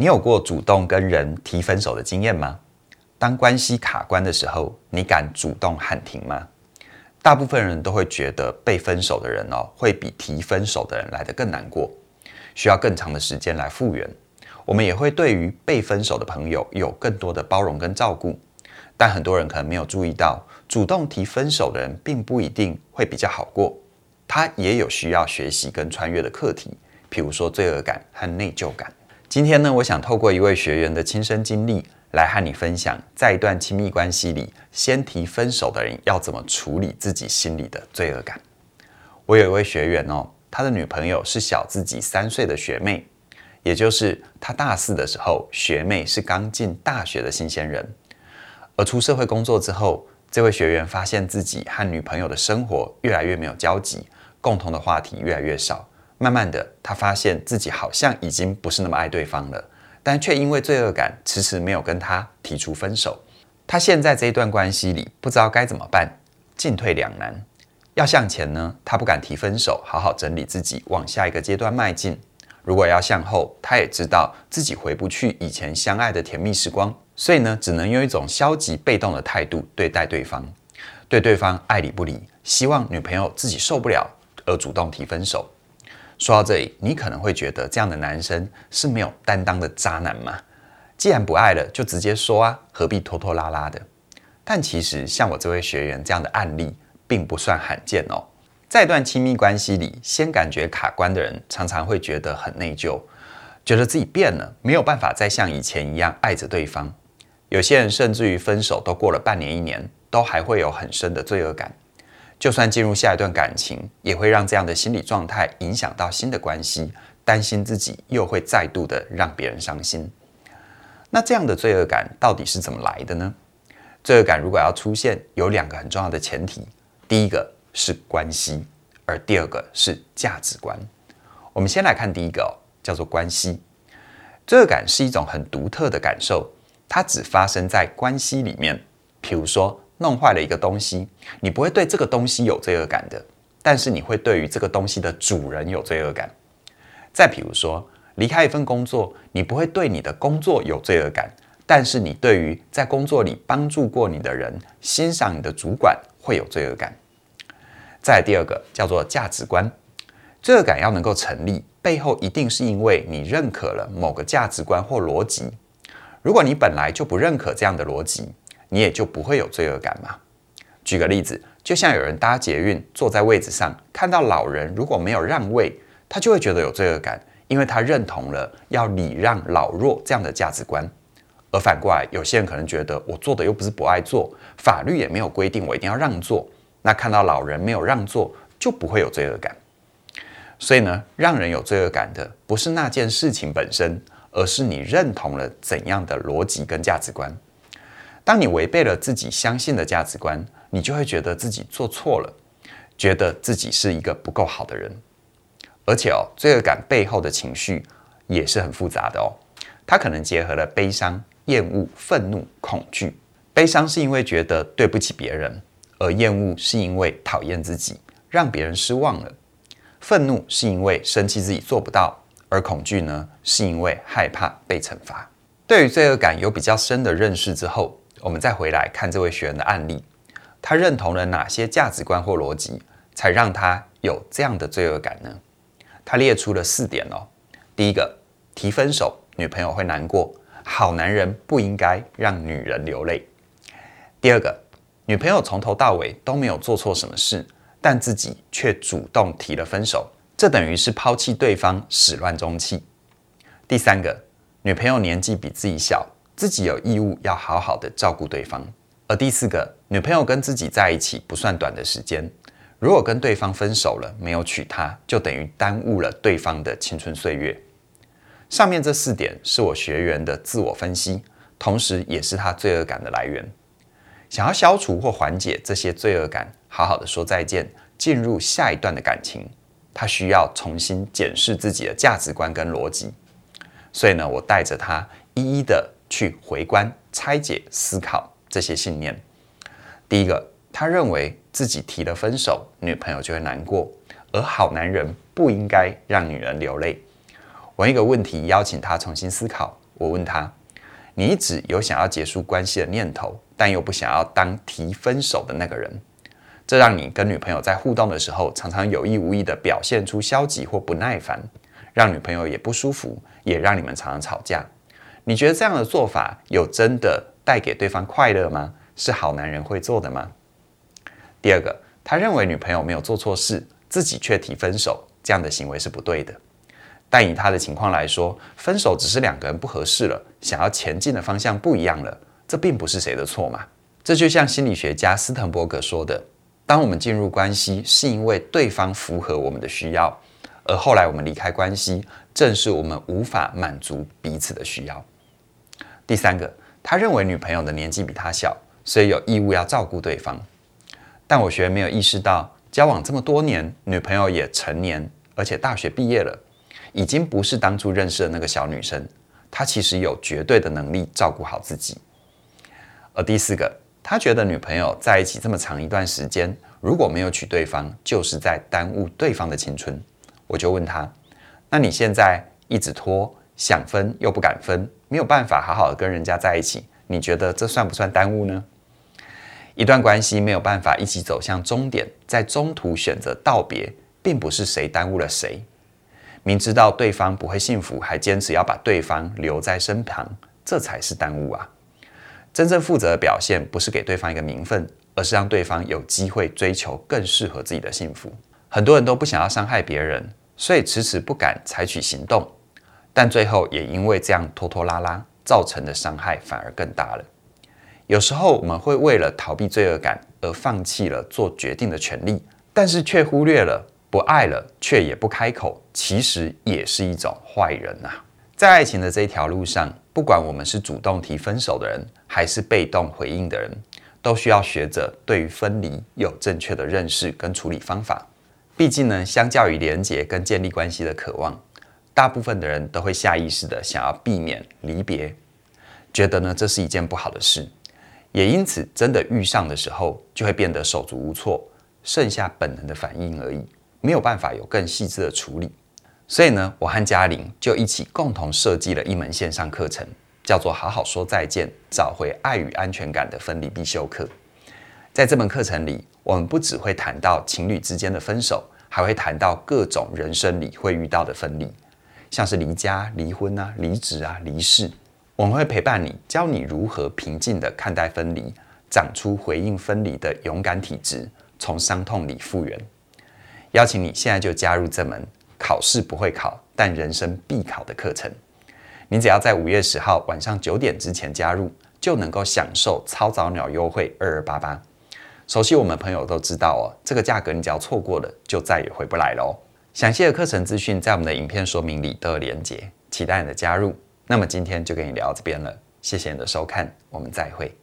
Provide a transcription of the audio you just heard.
你有過主動跟人提分手的經驗嗎？當關係卡關的時候，你敢主動喊停嗎？大部分人都會覺得被分手的人哦，會比提分手的人來得更難過，需要更長的時間來復原。我們也會對於被分手的朋友有更多的包容跟照顧。但很多人可能沒有注意到，主動提分手的人並不一定會比較好過，他也有需要學習跟穿越的課題，譬如說罪惡感和內疚感。今天呢，我想透過一位學員的親身經歷來和你分享，在一段親密關係裡，先提分手的人要怎麼處理自己心裡的罪惡感。我有一位學員哦，他的女朋友是小自己三歲的學妹，也就是他大四的時候，學妹是剛進大學的新鮮人。而出社會工作之後，這位學員發現自己和女朋友的生活越來越沒有交集，共同的話題越來越少。慢慢的，他發現自己好像已經不是那麼愛對方了，但卻因為罪惡感遲遲沒有跟他提出分手。他現在這一段關係裡不知道該怎麼辦，進退兩難。要向前呢，他不敢提分手，好好整理自己，往下一個階段邁進。如果要向後，他也知道自己回不去以前相愛的甜蜜時光，所以呢，只能用一種消極被動的態度對待對方，對對方愛理不理，希望女朋友自己受不了而主動提分手。說到這裡，你可能會覺得這樣的男生是沒有擔當的渣男嗎？既然不愛了，就直接說啊，何必拖拖拉拉的？但其實像我這位學員這樣的案例並不算罕見哦。在一段親密關係裡，先感覺卡關的人常常會覺得很內疚，覺得自己變了，沒有辦法再像以前一樣愛着對方。有些人甚至於分手都過了半年、一年，都還會有很深的罪惡感。就算進入下一段感情，也會讓這樣的心理狀態影響到新的關係，擔心自己又會再度的讓別人傷心。那這樣的罪惡感到底是怎麼來的呢？罪惡感如果要出現，有兩個很重要的前提，第一個是關係，而第二個是價值觀。我們先來看第一個哦，叫做關係。罪惡感是一種很獨特的感受，它只發生在關係裡面，譬如說，弄壞了一個東西，你不會對這個東西有罪惡感的，但是你會對於這個東西的主人有罪惡感。再比如說，離開一份工作，你不會對你的工作有罪惡感，但是你對於在工作裡幫助過你的人、欣賞你的主管會有罪惡感。再第二個叫做價值觀，罪惡感要能夠成立，背後一定是因為你認可了某個價值觀或邏輯。如果你本來就不認可這樣的邏輯，你也就不會有罪惡感嘛。舉個例子，就像有人搭捷運坐在位置上，看到老人如果沒有讓位，他就會覺得有罪惡感，因為他認同了要禮讓老弱這樣的價值觀。而反過來，有些人可能覺得我做的又不是不愛做，法律也沒有規定我一定要讓座，那看到老人沒有讓座就不會有罪惡感。所以呢，讓人有罪惡感的不是那件事情本身，而是你認同了怎樣的邏輯跟價值觀。當你違背了自己相信的價值觀，你就會覺得自己做錯了，覺得自己是一個不夠好的人。而且哦，罪惡感背後的情緒也是很複雜的哦。它可能結合了悲傷、厭惡、憤怒、恐懼。悲傷是因為覺得對不起別人，而厭惡是因為討厭自己，讓別人失望了。憤怒是因為生氣自己做不到，而恐懼呢，是因為害怕被懲罰。對於罪惡感有比較深的認識之後，我們再回來看這位學員的案例，他認同了哪些價值觀或邏輯，才讓他有這樣的罪惡感呢？他列出了四點哦。第一個，提分手，女朋友會難過，好男人不應該讓女人流淚。第二個，女朋友從頭到尾都沒有做錯什麼事，但自己卻主動提了分手，這等於是拋棄對方，始亂終棄。第三個，女朋友年紀比自己小，自己有義務要好好的照顧對方，而第四個，女朋友跟自己在一起不算短的時間，如果跟對方分手了，沒有娶她，就等於耽誤了對方的青春歲月。上面這四點是我學員的自我分析，同時也是他罪惡感的來源。想要消除或緩解這些罪惡感，好好的說再見，進入下一段的感情，他需要重新檢視自己的價值觀跟邏輯。所以呢，我帶着他一一的。去回觀、拆解、思考這些信念。第一個，他認為自己提了分手，女朋友就會難過，而好男人不應該讓女人流淚。我一個問題，邀請他重新思考。我問他：“你一直有想要結束關係的念頭，但又不想要當提分手的那個人，這讓你跟女朋友在互動的時候，常常有意無意地表現出消極或不耐煩，讓女朋友也不舒服，也讓你們常常吵架。”你覺得這樣的做法有真的帶給對方快樂嗎？是好男人會做的嗎？第二個，他認為女朋友沒有做錯事，自己卻提分手，這樣的行為是不對的。但以他的情況來說，分手只是兩個人不合適了，想要前進的方向不一樣了，這並不是誰的錯嘛。這就像心理學家斯滕伯格說的，當我們進入關係是因為對方符合我們的需要，而後來我們離開關係，正是我們無法滿足彼此的需要。第三個，他認為女朋友的年紀比他小，所以有義務要照顧對方。但我卻沒有意識到，交往這麼多年，女朋友也成年，而且大學畢業了，已經不是當初認識的那個小女生。她其實有絕對的能力照顧好自己。而第四個，他覺得女朋友在一起這麼長一段時間，如果沒有娶對方，就是在耽誤對方的青春。我就問他，那你現在一直拖？想分又不敢分，沒有辦法好好的跟人家在一起，你覺得這算不算耽誤呢？一段關係沒有辦法一起走向終點，在中途選擇道別，並不是誰耽誤了誰。明知道對方不會幸福，還堅持要把對方留在身旁，這才是耽誤啊！真正負責的表現，不是給對方一個名分，而是讓對方有機會追求更適合自己的幸福。很多人都不想要傷害別人，所以遲遲不敢採取行動。但最後也因為這樣拖拖拉拉造成的傷害反而更大了。有時候我們會為了逃避罪惡感而放棄了做決定的權利，但是卻忽略了不愛了卻也不開口，其實也是一種壞人吶、啊。在愛情的這條路上，不管我們是主動提分手的人，還是被動回應的人，都需要學着對於分離有正確的認識跟處理方法。畢竟呢，相較於連結跟建立關係的渴望。大部分的人都會下意識的想要避免離別，覺得呢，這是一件不好的事，也因此真的遇上的時候，就會變得手足無措，剩下本能的反應而已，沒有辦法有更細緻的處理。所以呢，我和嘉玲就一起共同設計了一門線上課程，叫做《好好說再見：找回愛與安全感的分離必修課》。在這門課程裡，我們不只會談到情侶之間的分手，還會談到各種人生裡會遇到的分離。像是離家、離婚啊、離職啊、離世，我們會陪伴你，教你如何平靜地看待分離，長出回應分離的勇敢體質，從傷痛裡復原。邀請你現在就加入這門考試不會考，但人生必考的課程。你只要在五月十號晚上九點之前加入，就能夠享受超早鳥優惠二二八八。熟悉我們朋友都知道哦，這個價格你只要錯過了，就再也回不來了哦。詳細的課程資訊在我們的影片說明裡都有連結，期待你的加入。那麼今天就跟你聊這邊了，謝謝你的收看，我們再會。